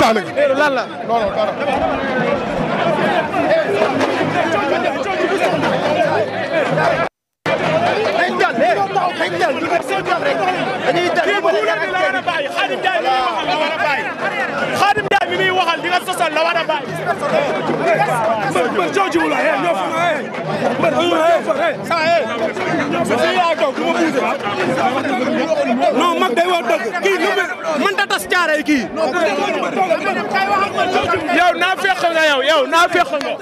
taale nga. lan la non non dara. dañuy dal dañuy dal mi muy waxal di nga sosal la war a bàyyi. mbër mbër coow jiwu la eh ñoo fi ma eh. mbër ñoo fa eh. saa eh. fii laa toog du ma buuse non mag day wax dëgg kii nu mu mën ta tas caare yi kii. yow naa fekk nga yow yow naa fekk nga.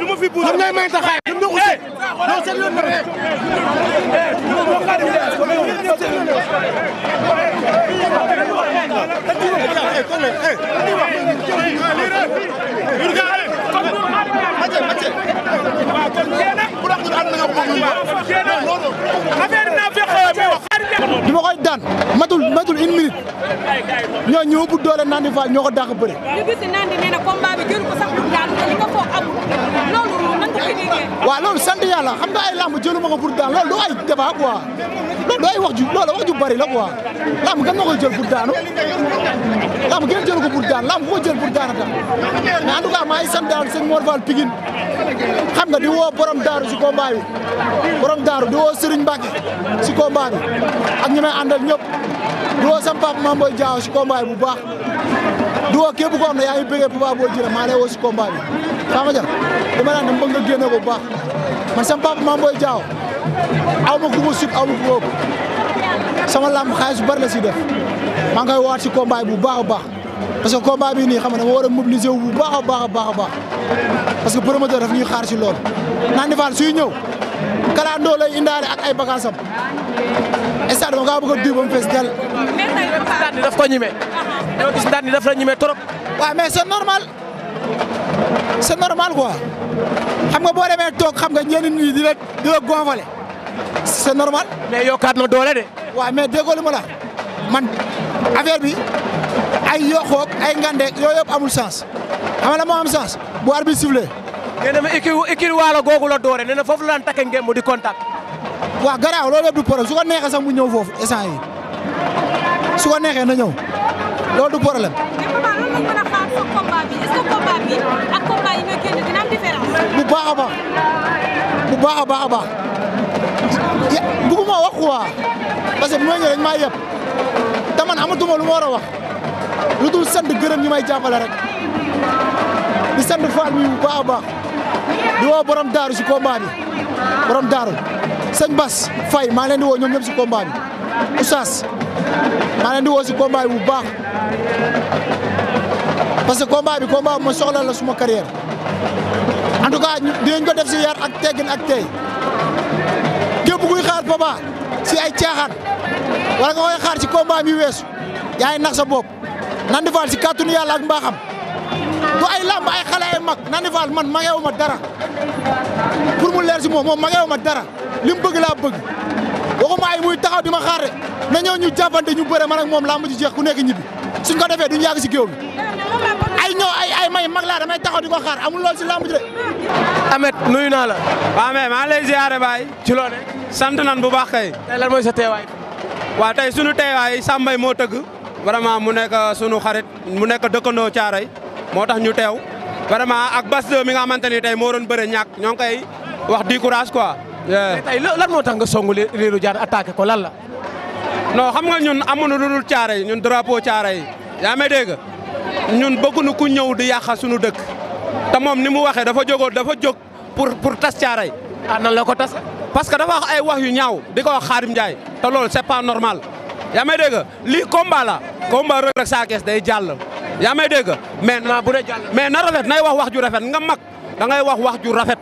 du ma fi buuse. ko teg non seen yoon koy daan matul matul une minute ñoo ñëw bu doole Nandi Fall ñoo ko dàq bëre. ñu gis Nandi nee na combat bi ko sax lu daan nga foog amul waaw loolu sant yàlla xam nga ay lamb jëluma ko pour daan loolu du ay débat quoi loolu du ay wax ju loolu wax bari la quoi lamb gën ma koy jël pour daanu lamb gën jël ko pour daan lamb ko jël pour daana tax mais en tout cas maa ngi sant daal sëñ Mor Fall Pikine xam nga di woo borom daaru si combat bi borom daaru di woo Serigne Mbacke si combat bi ak ñi may di woo sam papa Mame si combat bu ba di woo képp koo xam ne yaa ngi Papa Dia dama naan dama bëgg nga génne ko bu baax man sama papa Mame Boye aw ma ku ma aw ma ku ëpp sama làmb xaalis bu bari la si def maa ngi waat si combat bu baax a baax parce que combat bi nii xam na dama war a mobiliser wu bu baax a baax baax a baax parce que promoteur daf ñuy xaar si loolu. Nandi Fall suy ñëw kalaandoo lay indaale ak ay bagages am stade bi nga bëgg a diw ba mu fees dell. stade daf normal. c'est normal quoi xam nga boo demee toog xam nga ñenn ñi di la gonfale c'est normal. mais yokkaat na doole de. waaw mais déggoo lu ma la man affaire bi ay yokkoog ay ngande yooyu yëpp amul sens xam nga la moo am sens bu arbitre bi sifflé. nee na ma écurie Walo googu la doore nee na foofu la daan takk ngeen mu di contact. waa garaaw loolu yëpp du problème su neexee sax mu ñëw foofu instant yi su neexee na ñëw. loolu du problème. bu baax a baax bu baax a baax a baax bëgguma wax quoi que bu ma ñëwee dañ maa yeb te man amatuma lu ma war a wax lu dul sant gërëm ñi may jàppale rek di sant faal mi bu baax a baax di woo borom daaru si combat bi borom daaru sëñ Bas Faye maa leen woo ñoom ñëpp si combat bi. oustaz maa leen di woo si combat bu baax parce que combat bi combat bi ma soxla la suma carrière en tout cas dinañ ko def si yar ak teggin ak tey képp kuy xaar Papa si ay caaxaan wala nga woy xaar si combat mi weesu yaa ngi nax sa boob Nandi Fall si kàttanu yàlla ak mbaaxam du ay làmb ay xale ay mag Nandi Fall man mageewu ma dara pour mu leer si moom moom mageewu ma dara li mu bëgg laa bëgg. waxuma ay muy taxaw di ma xaar na ñëw ñu jàppante ñu bëre man ak moom làmb ji jeex ku nekk ñibbi suñ ko defee duñ yàgg si géew bi ay ñoo ay ay may mag laa damay taxaw di ma xaar amul lool si làmb ji de. Amet nuyu naa la. waaw mais maa ngi lay ziare baay ci sant nan bu baax kay. tey lan mooy sa teewaay. waaw tey sunu teewaay Sambay moo tëgg. vraiment mu nekk uh, sunu xarit mu nekk dëkkandoo caaray moo tax ñu teew vraiment ak bas mi nga xamante ni tey moo doon bëre ñàkk ñoo ngi koy wax di courage quoi. mais tey lan moo tax nga songu Lirou Diane attaqué ko lan la. non xam nga ñun amuñu lu dul caare yi ñun drapeau caare yi yaa may ñun bëgguñu ku ñëw di yàqa suñu dëkk te moom ni mu waxee dafa jógoo dafa jóg pour pour tas caare yi. ah la ko tas parce que dafa wax ay wax yu ñaaw di ko wax Xaadim Njaay te loolu c'est pas normal yaa may dégg lii combat la combat Reug Reug Sa day jàll. yaa may dégg mais na bu dee jàll mais na rafet nay wax wax ju rafet nga mag da ngay wax wax ju rafet.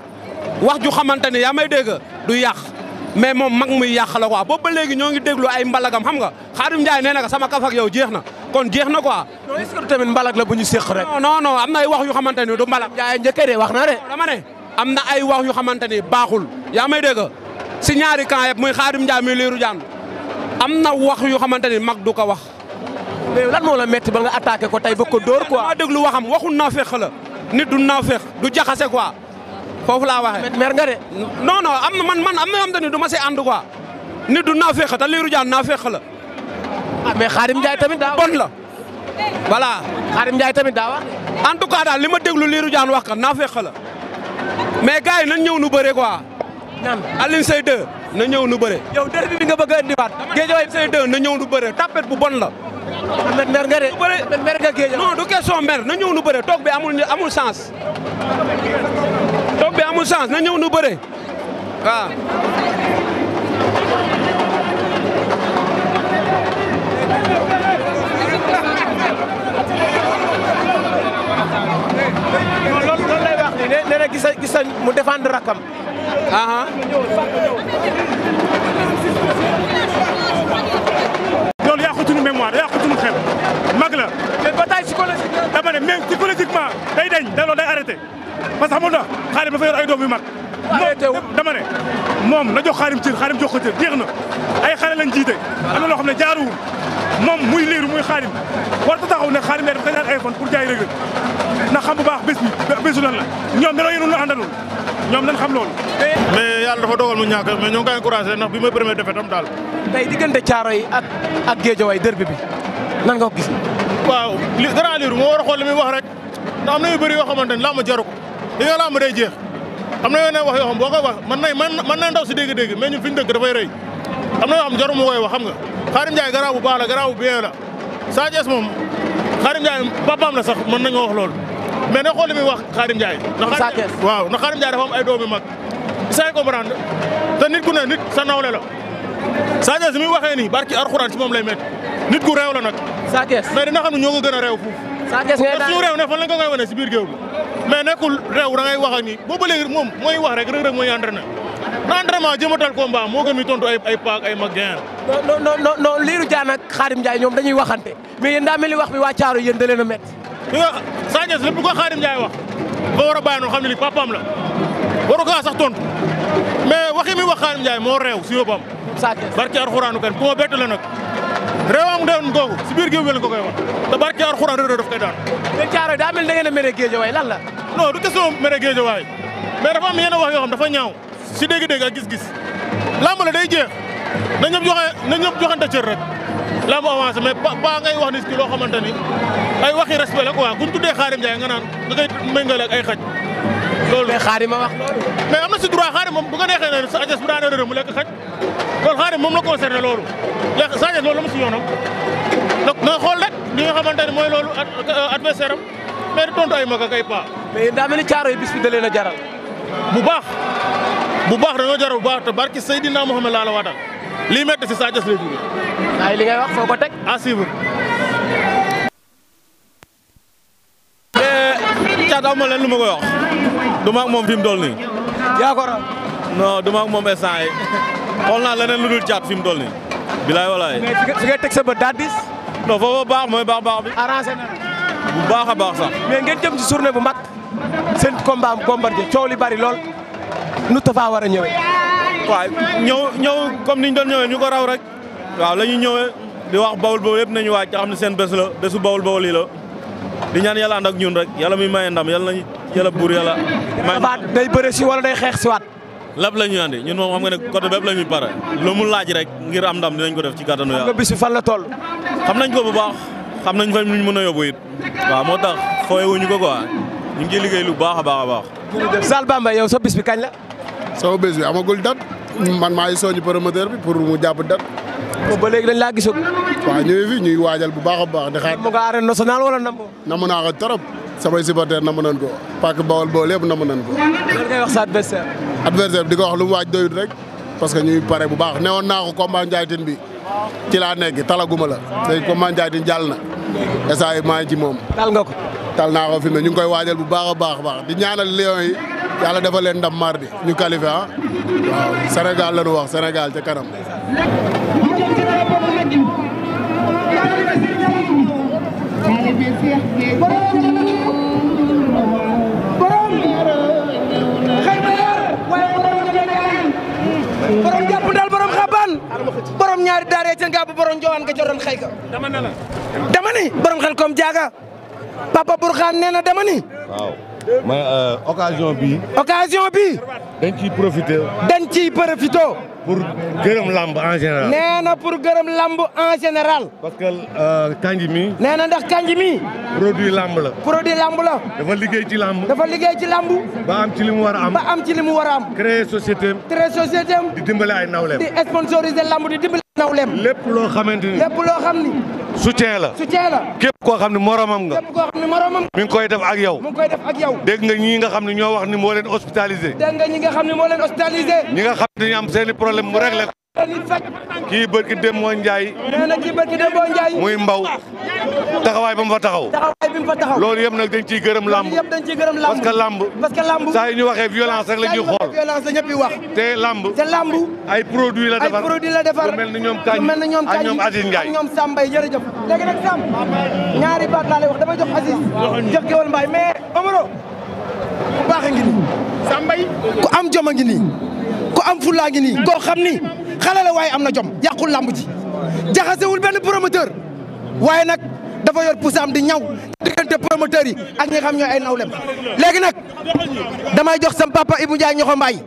wax ju xamante ne yaa may dégg du yàq mais moom mag muy yàq la ko boobu ba léegi ñoo ngi déglu ay mbalagam xam nga Xaadim Njaay nee na sama kaf ak yow jeex na kon jeex na ko a est-ce que tamit ñu séq rek. non non am na ay wax yu xamante ne du mbalag. Njaay njëkkee de wax na de. dama am na ay wax yu xamante ne baaxul. yaa may dégg si ñaari camp yëpp muy Xaadim Njaay muy Lirou Diane am na wax yu xamante ne mag du ko wax. mais lan moo la métti ba nga attaqué ko tey ba ko door ko a déglu waxam waxu naafeq la nit du naafeq du jaxase quoi foofu laa waxee. mer nga de. non am na man man am na am xamante ni du ma see ànd quoi nit du naa féq te Lirou Diane naa féq la. ah mais Khadim Ndiaye tamit daa bon la voilà. Khadim Ndiaye tamit daa wax. en tout cas daal li ma déglu liiru Diane wax kat naa féq la mais gars yi nañ ñëw nu bëre quoi. naan Alioune Seye na ñëw nu bëre. yow bi nga bëgg a indiwaat. Guédiawaye Seye 2 na ñëw nu bëre tapet bu bon la. Ahmed mer nga de. mer du question mer na ñëw nu bëre toog bi amul amul sens. bi amul chance na ñëw nu bëre waaw. nee na gisa gisa mu défendre rakam. parce que xamul na xaarim dafa yor ay doom yu mag. dama ne moom na jox xaarim cër xaarim jox ko cër jeex na ay xale la jiite. am na loo xam ne jaaruwul moom muy liiru muy xaarim war ta taxaw ne xaarim day ay dañu pour jaay Reug Reug na xam bu la ñoom dañoo yëngu lu ñoom dañ xam loolu. mais yàlla dafa dogal mu ñàkk mais ñoo ngi koy encouragé ndax bi mooy premier défaite daal. tey diggante caaro yi ak ak géejawaay derby bi nan nga ko gis. waaw li gannaaw liiru moo war a xool wax rek ndax am na yu bëri yoo xamante ni laa ma jaru ko dañoo ma day jeex am na yeneen wax yoo xam boo ko wax mën nañ mën nañ ndaw si dégg-dégg mais ñun fi ñu dëkk dafay rëy am na yoo xam jaruma koy wax xam nga Xaadim Njaay garaaw bu baax la garaaw bu bien la Sa Thiès moom Xaadim Njaay papaam la sax mën nañoo wax loolu mais na xool li muy wax Xaadim Njaay ndax Sa Thiès waaw ndax Xaadim Njaay ay doom yu mag say comprendre te nit ku ne nit sa nawle la Sa Thiès mi waxee nii barki Alxuraan ci moom lay métti nit ku réew la nag Sa Thiès mais dina xam ne ñoo ko gën a réew foofu si biir géew bi mais nekkul réew da ngay wax ak ni boo ba léegi moom mooy wax rek Reug Reug mooy entraîné na entraînement jëmatal combat moo gën a tontu ay ay paak ay mag gànnaar. non non non non Lirou ñoom dañuy waxante mais yéen daa mel ni wax bi waa Thiaroye yéen da leen a métti. di nga wax ba war a xam ne li papaam la waru ko sax tontu mais waxi mi wax Khadim Ndiaye moo réew si yóbbam. Sa Thiès barki Alxuraanu kan ku ma la nag. réewam doon googu si biir géew bi lañ ko koy wax te barke alxuraan daan. mais Thiaroye daa mel da ngeen a mere Guédiawaye lan la. non du question mere Guédiawaye mais dafa am yenn wax yoo dafa ñaaw si dégg-dégg ak gis-gis làmb la day jeex na ñëpp joxe na ñëpp joxante a rek làmb avancé mais ba ngay wax ni si loo xamante ni ay waxi respect la quoi bu ñu tuddee Xaadim Njaay naan nga koy méngale ay xaj. loolu mais xaari ma wax loolu. mais am na si droit xaari moom bu nga neexee ne Sa Thiès bu daanee rëdd mu lekk xaj loolu xaari moom la concerné loolu léegi Sa Thiès loolu la mu si yoonam donc na xool rek li nga xamante ne mooy loolu euh, adversaire am mais di tontu ay mag ak ay paa. mais daa mel ni caaro yi bis bi da leen a jaral. bu baax bu baax na dañoo jaral bu baax te barki Seydina Mohamed laa la waatal lii métti si Sa Thiès lay jógee. waaye li ngay wax foo ko teg à suivre. caat am ma ma koy wax du ma moom fi mu toll nii. yaa ko raw. non du ma lu dul fi mu toll nii. bilaay walaay. mais nga teg sa bët daa dis. non foofu baax mooy baax baax bi. arrangé na bu baax a baax sax. mais ngeen jëm ci journée bu mag seen combat am Bombardier coow li bari lool nu Tapha war a ñëwee. waaw ñëw ñëw comme ni ñu doon ñëwee ñu ko raw rek. waaw la ñuy ñëwee di wax bawul bawul yëpp nañu waaj te xam ne seen bés la bésu bawul bawul yi la. di ñaan yàlla ànd ak ñun rek yàlla muy maye ndam yàlla nañu yàlla buur yàlla. may day bëre si wala day xeex si waat. lépp la ñuy andi ñun moom xam nga ne côté bépp la ñuy pare lu mu laaj rek ngir am ndam dinañ ko def ci kàttanu yàlla. xam fan la toll. xam nañ ko bu baax xam nañ fa ñu mën a yóbbu it waaw moo tax fooy wuñu ko ko ñu ngi ciy liggéey lu baax a baax a baax. Zal Bambey yow sa bis bi kañ la. sama bis bi amagul date man maa ngi soññu promoteur bi pour mu jàpp date. boobu ba léegi dañ laa gisagul. waaw ñu ngi fi ñuy waajal bu baax a baax di xaar. mu nga arène nationale wala nam. namu naa ko trop. samay supporters namu nañ ko. pàcc bawol bawol yëpp namu nañ ko. lan ngay wax sa adversaire. adversaire bi di ko wax lu mu waaj doyut rek. parce que ñuy pare bu baax newoon naa ko combat njaaytin bi ci laa nekk talaguma la tey combat njaaytin jàll na. esaay maa ngi ci moom. tal nga ko. tal naa ko fi mu ne ñu ngi koy waajal bu baax a baax baax di ñaanal lion yi yàlla dafa leen ndam mardi ñu qualifié ah waaw Sénégal la ñu wax Sénégal ca kanam. borom jàpp ndal borom xabaan borom ñaari daara seen gàpp borom jowaan nga joroon xëy ka dama ne borom xel kom jaaga papa Burxaan nee na dama ni mais euh, occasion bi occasion bi dañ ciy profité. dañ ciy profité. pour gërëm lamb en général. nee na pour gërëm lamb en général. parce e euh, kanji mi. nee na ndax kanji mi. produit lamb la. produit lamb la. dafa liggéey ci lamb. dafa liggéey ci lamb. ba am ci li mu war am. am ci li mu war am. créer société am. créer société di dimbale ay nawleem. di sponsoriser lamb di dimbale. nawleem. lépp loo xamante ni lépp loo xam ni. soutien la soutien la. képp koo xam ne moromam nga. képp koo xam ne moromam nga. mi ngi koy def ak yow. mi ngi nga ñii nga xam ne ñoo wax ni moo leen hospitalisé. dégg nga ñi nga xam ne moo leen hospitalisé. mu réglé ko. kii bërki dem moo Ndiaye. nee na kii bërki dem moo Ndiaye. muy mbaw taxawaay ba mu fa taxaw. taxawaay bi mu fa taxaw. loolu yëpp nag dañ ciy gërëm lamb. yëpp dañ ciy gërëm lamb. parce que lamb. parce que lamb saa yu ñu waxee violence rek la ñuy xool. violence la te lamb. te lamb. ay produits la defar ay la defar. lu mel ni ñoom Kañ ak ñoom Aziz Ndiaye. ak ñoom Sam Mbaye jërëjëf. léegi nag Sam ñaari baat laa lay wax damay jox Aziz. jox a am jom a ngi nii. ku am fulla ngi nii. koo xam ni xalale la waaye am na jom yàqul làmb ji jaxasewul benn promoteur waaye nag dafa yor pusaam di ñaw diggante promoteurs yi ak ñi xam ñooy ay nawlem léegi nag damay jox sam papa Ibou Ndiaye ñoxo mbaay